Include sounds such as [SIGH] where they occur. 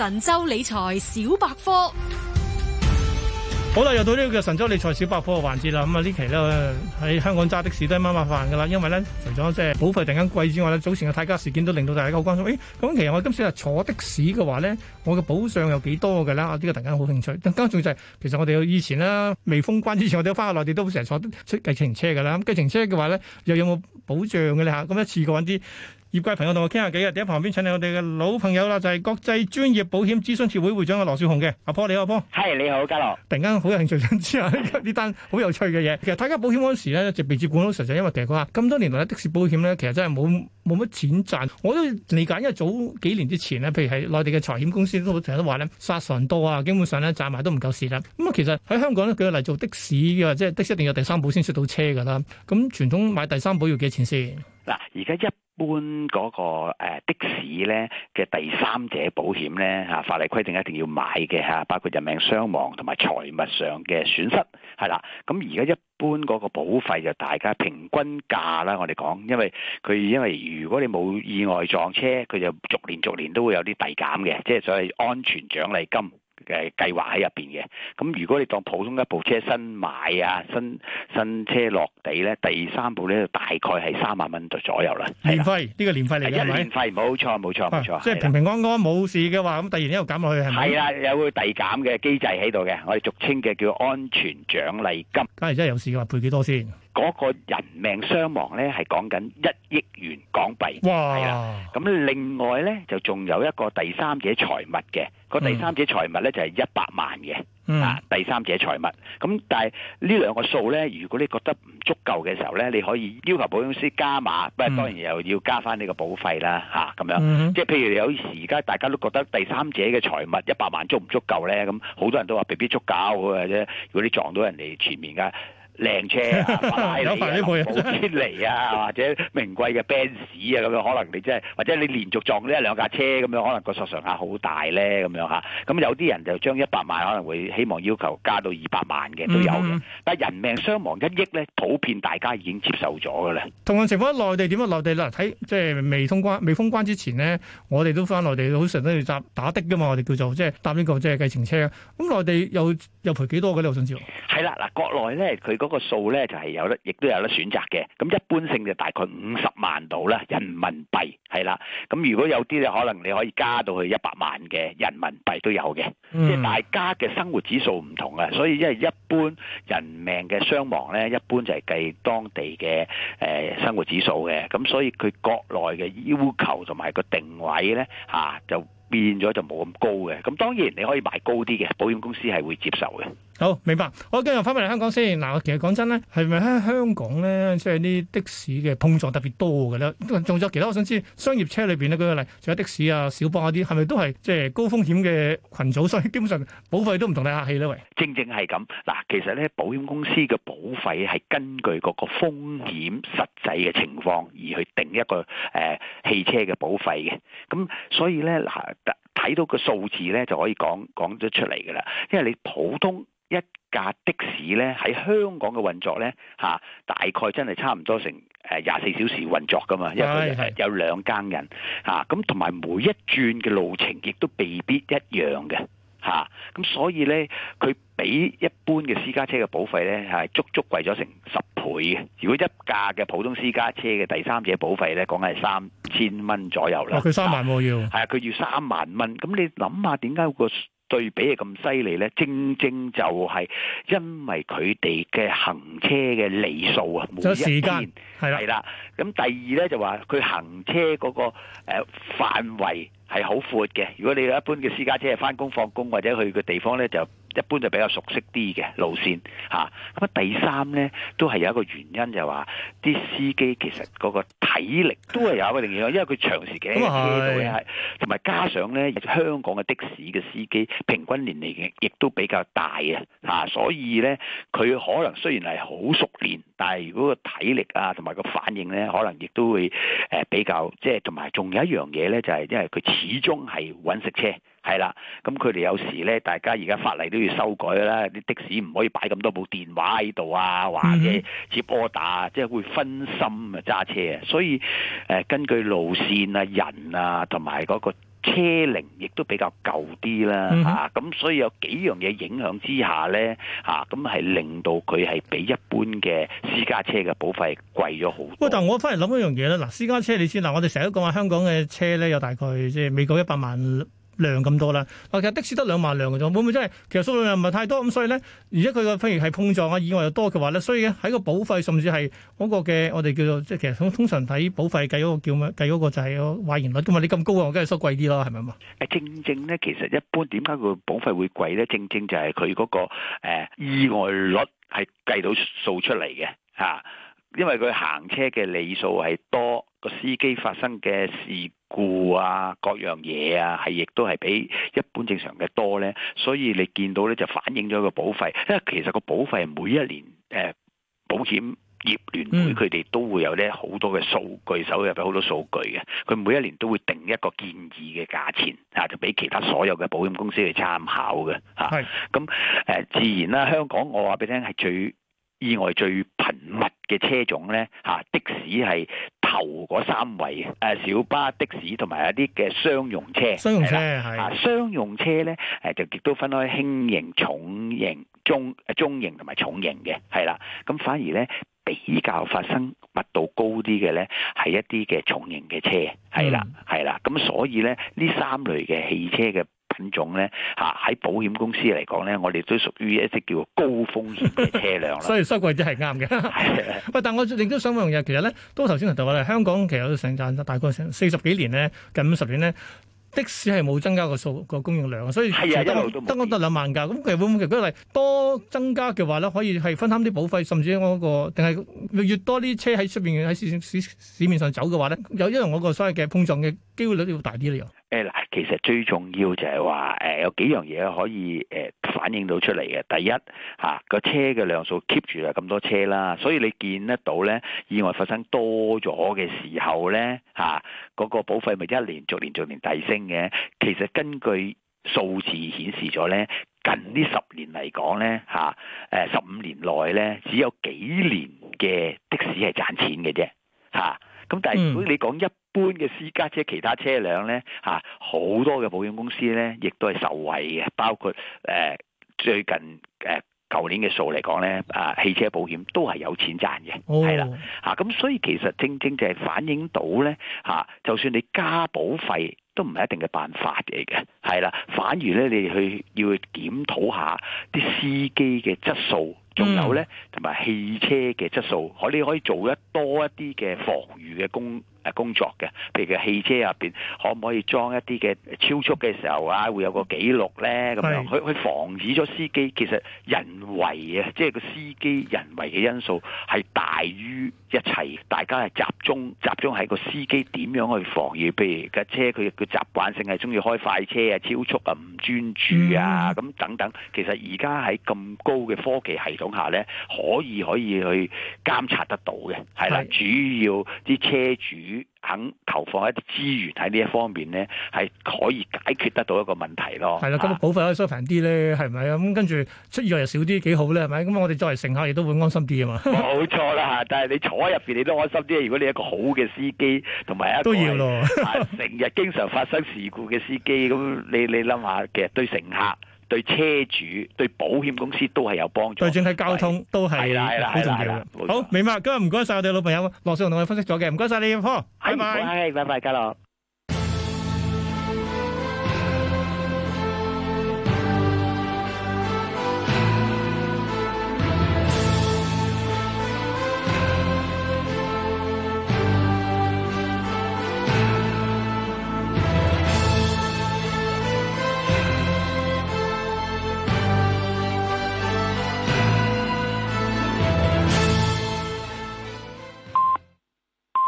神州理財小百科，好啦，又到呢個叫神州理財小百科嘅環節啦。咁啊，呢期咧喺香港揸的士都係麻麻煩噶啦，因為咧除咗即係保費突然間貴之外咧，早前嘅泰加事件都令到大家好關心。誒、哎，咁其實我今次啊坐的士嘅話咧，我嘅保障有幾多嘅啦？啊，呢個突然間好興趣。更加重要、就、係、是，其實我哋以前啦未封關之前，我哋都返去內地都成日坐計程車嘅啦。咁計程車嘅話咧，又有冇保障嘅咧吓？咁一次過搵啲。業界朋友同我傾下偈第一，旁邊請你我哋嘅老朋友啦，就係、是、國際專業保險諮詢協會會長阿羅少雄嘅，阿波，你好阿波。係你好嘉樂，突然間好有興趣想知下呢單好有趣嘅嘢，其實睇緊保險嗰時咧就被接管東，實際因為其實佢話咁多年來的士保險咧，其實真係冇冇乜錢賺，我都理解，因為早幾年之前呢，譬如係內地嘅財險公司都成日都話咧殺神多啊，基本上咧賺埋都唔夠蝕啦。咁啊，其實喺香港咧，佢嚟做的士嘅，即係的士一定要第三保先出到車噶啦。咁傳統買第三保要幾錢先？嗱，而家一一般、那、嗰個的士咧嘅第三者保險咧嚇，法例規定一定要買嘅嚇，包括人命傷亡同埋財物上嘅損失，係啦。咁而家一般嗰個保費就大家平均價啦，我哋講，因為佢因為如果你冇意外撞車，佢就逐年逐年都會有啲遞減嘅，即係所謂安全獎勵金。嘅計劃喺入邊嘅，咁如果你當普通一部車新買啊，新新車落地咧，第三部咧大概係三萬蚊左左右啦。年費呢個年費嚟嘅，係一年費冇錯冇錯冇錯，即係平平安安冇事嘅話，咁第二年又減落去係咪？係啦，有個遞減嘅機制喺度嘅，我哋俗稱嘅叫安全獎勵金。假如真係有事嘅話，賠幾多先？嗰個人命傷亡咧係講緊一億元港幣。哇！咁另外咧就仲有一個第三者財物嘅。個第三者財物咧就係一百萬嘅、嗯啊，第三者財物，咁但係呢兩個數咧，如果你覺得唔足夠嘅時候咧，你可以要求保險公司加碼，不過當然又要加翻呢個保費啦，嚇、啊、咁樣，即、嗯、係譬如有時而家大家都覺得第三者嘅財物一百萬足唔足夠咧，咁好多人都話未必足夠嘅啫，如果你撞到人哋前面㗎。靚車啊，拉你啊，冇出嚟啊，啊 [LAUGHS] 或者名貴嘅 Benz 啊，咁樣可能你即係，或者你連續撞呢一兩架車咁樣，可能個索償額好大咧咁樣吓，咁有啲人就將一百萬可能會希望要求加到二百萬嘅都有、嗯、但係人命傷亡一億咧，普遍大家已經接受咗嘅咧。同樣情況喺內地點啊？內地嗱睇即係未通關、未封關之前咧，我哋都翻內地好成日都要搭打的嘅嘛，我哋叫做即係搭呢個即係計程車。咁內地又又賠幾多嘅？你我想知。係啦，嗱，國內咧佢那個數咧就係、是、有得，亦都有得選擇嘅。咁一般性就大概五十萬度啦，人民幣係啦。咁如果有啲咧，可能你可以加到去一百萬嘅人民幣都有嘅。即、嗯、係大家嘅生活指數唔同啊，所以因為一般人命嘅傷亡咧，一般就係計當地嘅誒、呃、生活指數嘅。咁所以佢國內嘅要求同埋個定位咧，吓、啊、就變咗就冇咁高嘅。咁當然你可以買高啲嘅，保險公司係會接受嘅。好明白，我今日翻返嚟香港先。嗱，其實講真咧，係咪喺香港咧，即係啲的士嘅碰撞特別多嘅咧？仲有其他我想知，商業車裏邊咧舉個例，除咗的士啊、小巴嗰啲，係咪都係即係高風險嘅群組，所以基本上保費都唔同你客氣咧？喂，正正係咁。嗱，其實咧，保險公司嘅保費係根據嗰個風險實際嘅情況而去定一個誒汽車嘅保費嘅。咁所以咧，嗱，睇到個數字咧就可以講講得出嚟㗎啦。因為你普通一架的士咧喺香港嘅運作咧，吓、啊，大概真係差唔多成誒廿四小時運作噶嘛，因為佢有兩更人吓，咁同埋每一轉嘅路程亦都未必，必一樣嘅吓，咁、啊、所以咧佢比一般嘅私家車嘅保費咧係、啊、足足貴咗成十倍嘅。如果一架嘅普通私家車嘅第三者保費咧，講緊係三千蚊左右啦。佢、哦、三萬要係啊，佢要三萬蚊。咁你諗下點解個？對比係咁犀利呢，正正就係因為佢哋嘅行車嘅厘數，啊，每一天係啦，咁第二呢，就話佢行車嗰、嗰個誒、呃、範圍係好闊嘅。如果你一般嘅私家車係返工放工或者去嘅地方呢，就。一般就比較熟悉啲嘅路線嚇，咁啊第三咧都係有一個原因，就係話啲司機其實嗰個體力都係有一個定義，因為佢長時間喺車度嘅係，同埋加上咧香港嘅的士嘅司機平均年齡亦都比較大啊，嚇，所以咧佢可能雖然係好熟練，但係如果個體力啊同埋個反應咧，可能亦都會誒比較即係，同埋仲有一樣嘢咧，就係、是、因為佢始終係揾食車。係啦，咁佢哋有時咧，大家而家法例都要修改啦。啲的士唔可以擺咁多部電話喺度啊，或者接 order 打，即係會分心啊，揸車啊。所以、呃、根據路線啊、人啊同埋嗰個車齡，亦都比較舊啲啦。咁、嗯、啊、所以有幾樣嘢影響之下咧，咁、啊、係令到佢係比一般嘅私家車嘅保費貴咗好多。但我翻嚟諗一樣嘢啦。嗱，私家車你知嗱，我哋成日都講話香港嘅車咧，有大概即係美國一百萬。量咁多啦，其實的士得兩萬輛嘅啫，會唔會真係其實數量又唔係太多咁，所以咧，而家佢個譬如係碰撞啊，意外又多嘅話咧，所以喺個保費甚至係嗰個嘅我哋叫做即係其實通常睇保費計嗰個叫咩計嗰個就係壞言率，咁嘛你咁高啊，我梗係收貴啲啦，係咪啊？正正咧，其實一般點解佢保費會貴咧？正正就係佢嗰個誒、呃、意外率係計到數出嚟嘅吓。啊因為佢行車嘅里數係多，個司機發生嘅事故啊，各樣嘢啊，係亦都係比一般正常嘅多咧，所以你見到咧就反映咗個保費。因為其實個保費每一年，誒、呃，保險業聯會佢哋都會有咧好多嘅數據，手入咗好多數據嘅，佢每一年都會定一個建議嘅價錢吓，就、啊、俾其他所有嘅保險公司去參考嘅吓。係咁誒，自然啦，香港我話俾你聽係最。意外最頻密嘅車種咧，嚇的士係頭嗰三位，誒小巴、的士同埋一啲嘅商用車。商用車係。啊，商用車咧，誒就亦都分開輕型、重型、中誒中型同埋重型嘅，係啦。咁反而咧比較發生密度高啲嘅咧，係一啲嘅重型嘅車，係、嗯、啦，係啦。咁所以咧，呢三類嘅汽車嘅。品種咧嚇喺保險公司嚟講咧，我哋都屬於一啲叫做高風險嘅車輛啦。 [LAUGHS] 所以收貴啲係啱嘅。喂， [LAUGHS] 但我亦都想問嘅，其實咧都頭先提到話咧，香港其實都成賺大概成四十幾年咧，近五十年咧的士係冇增加個數個供應量，所以其實得我得兩萬㗎。咁 [LAUGHS] 其實會唔會如果嚟多增加嘅話咧，可以係分攤啲保費，甚至我、個定係越多啲車喺出邊喺市市面上走嘅話咧，有因為我個所謂嘅碰撞嘅機會率要大啲咯又，嗱，其實最重要就係話，誒有幾樣嘢可以誒反映到出嚟嘅。第一嚇個車嘅量數 keep 住係咁多車啦，所以你見得到咧意外發生多咗嘅時候咧嚇，嗰、嗰個保費咪一年逐，年逐年逐年提升嘅。其實根據數字顯示咗咧，近呢十年嚟講咧嚇，誒十五年內咧只有幾年嘅的、的士係賺錢嘅啫。咁但係如果你講一般嘅私家車、其他車輛咧，好多嘅保險公司咧，亦都係受惠嘅，包括、呃、最近誒呃、舊年嘅數嚟講咧，啊汽車保險都係有錢賺嘅，係、哦、啦，咁、啊、所以其實正正就係反映到咧、啊，就算你加保費都唔係一定嘅辦法嚟嘅，係啦，反而咧你去要去檢討下啲司機嘅質素。仲有咧，同埋汽車嘅質素，可你可以做一多一啲嘅防御嘅工誒工作嘅，譬如嘅汽車入邊可唔可以裝一啲嘅超速嘅時候啊，會有個記錄咧咁樣，去去防止咗司機。其實人為啊，即係個司機人為嘅因素係大於一切，大家係集中集中喺個司機點樣去防御，譬如架車佢佢習慣性係鍾意開快車啊、超速啊、唔專注啊咁等等。其實而家喺咁高嘅科技系統下咧，可以可以去監察得到嘅，係啦。主要啲車主，肯投放一啲資源喺呢一方面咧，係可以解決得到一個問題咯。係啦，咁保費可以收平啲咧，係咪啊？咁跟住出意外又少啲，幾好咧，係咪？咁我哋作為乘客亦都會安心啲啊嘛。冇錯啦， [LAUGHS] 但係你坐喺入邊你都安心啲。如果你一個好嘅司機同埋一個成日、 [LAUGHS] 啊、經常發生事故嘅司機，咁你你諗下，其實對乘客。對車主、對保險公司都係有幫助。對整體交通都係啦，好重要。好，明白。今日唔該曬我哋老朋友羅少雄同我哋分析咗嘅，唔該曬你，葉科。好，唔好客氣，拜拜，家樂。